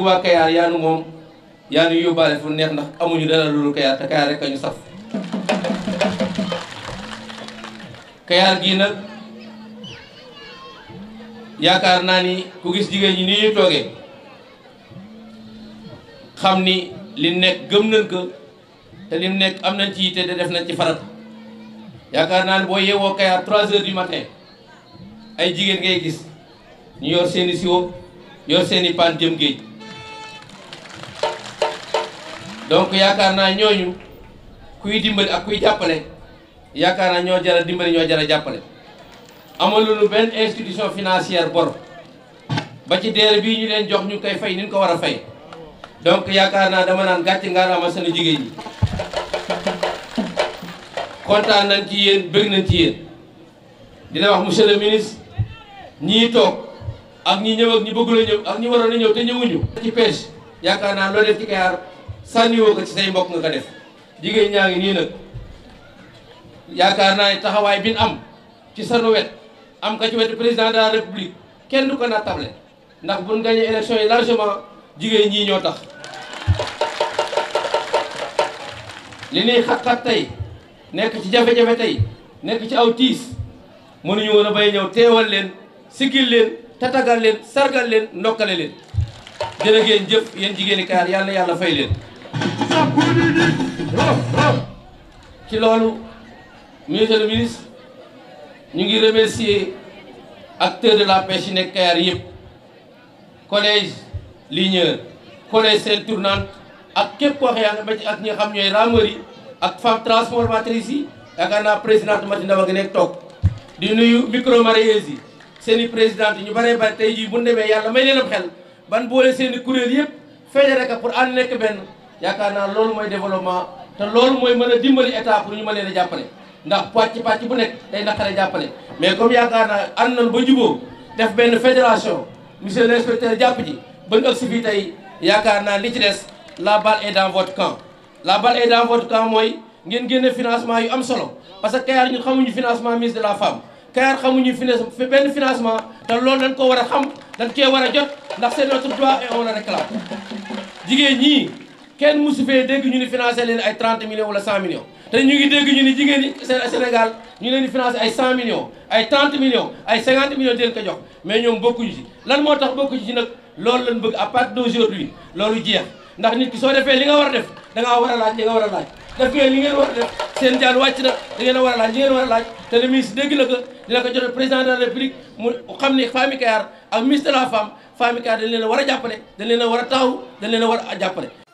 waa Kayaar yaanu moom yaanu yóbbaale fu neex ndax amuñu dara loolu Kayaar te Kayaar rek a ñu saf Kayaar gii nag yaakaar naa ni ku gis jigéen ñi ni ñu toogee xam ni li nekk gëm nañ te lim nekk am nañ ci yitte de def nañ ci farat yaakaar naa ni boo yeewoo Kayaar 3 heures du matin ay jigéen ngay gis ñu yor seeni siwo yor seeni paan jëm géej donc yaakaar naa ñooñu kuy dimbali ak kuy jàppale yaakaar naa ñoo jara dimbali ñoo jara jàppale amaluñu benn institution financière bor ba ci DER bii ñu leen jox ñu koy fay ni ko war a fay donc yaakaar naa dama naan gàcce ngaalaama seen jigéen ñi kontaan nañ ci yéen bëgg nañ ci yéen dina wax mu monsieur le ministre ñii toog ak ñi ñëw ñi bëggul a ñëw ak ñi waroon a ñëw te ñëwuñu. ci pêche yaakaar naa loo def ci Kayar. sànniwoo ko ci say mbokk nga ko def jigéen ñaa ngi nii nag yaakaar naa ne taxawaay bi am ci sanu wet am ka ci wetu président de république kenn du ko na table ndax buñ gagné élection yi largement jigéen ñii ñoo tax li ñuy xat-xat tey nekk ci jafe-jafe tey nekk ci aw tiis mënuñu woon a bay ñëw teewal leen sigil leen tatagal leen sargal leen ndokkale leen jërë ngeen jëf yéen jigéeni Kayar yàlla yàlla fay leen ci loolu monsieur ministre ñu ngi remercier acteurs de la pêche yi nekk Kayar yëpp collège ligneur collège seen tournant ak képp koo ak ñi xam ñooy rameurs ak femme transformatrice yi yaakaar naa président Mati Ndaw a ngi nekk toog di nuyu micro mareyeuses yi seen i présidente ñu bare bari tey jii bu demee yàlla may leen xel ban boole seen i kuréel yëpp fédéré a pour ànd nekk benn yaakaar naa loolu mooy développement te loolu mooy mën a dimbali état pour ñu mën leen a jàppale ndax pàcc pàcc bu nekk day naqare jàppale mais comme yaakaar naa ànd nañ ba juboo def benn fédération monsieur l'inspecteur jàpp ji ba ñu agsi fii tey yaakaar naa li ci des la balle est dans votre camp la balle est dans camp mooy ngeen génne financement yu am solo parce que Kayar ñu xamuñu financement ministre de la femme Kayar xamuñu fi benn financement te loolu dañ ko war a xam dañ cee war a jot ndax c'est notre droit et on le kenn musu fee dégg ñu ni financé leen ay 30 millions wala 100 millions te ñu ngi dégg ñu ni jigéen ñi Sénégal ñu leen di financé ay 100 millions ay 30 millions ay 50 millions di leen ko jox mais ñoom bokkuñu ci lan moo tax bokkuñu ci nag loolu lañ bëgg à partir d'aujourd'hui loolu soo defee li nga war a def da ngaa war a laaj li war a laaj war a a war a laaj a laaj te le ministre dégg na ko dina ko jotal président de la république mu xam ni Fami Kayar ak ministre de la femme Fami Kayar dañ leen war a jàppale dañ leen a war a taxaw dañ leen war a jàppale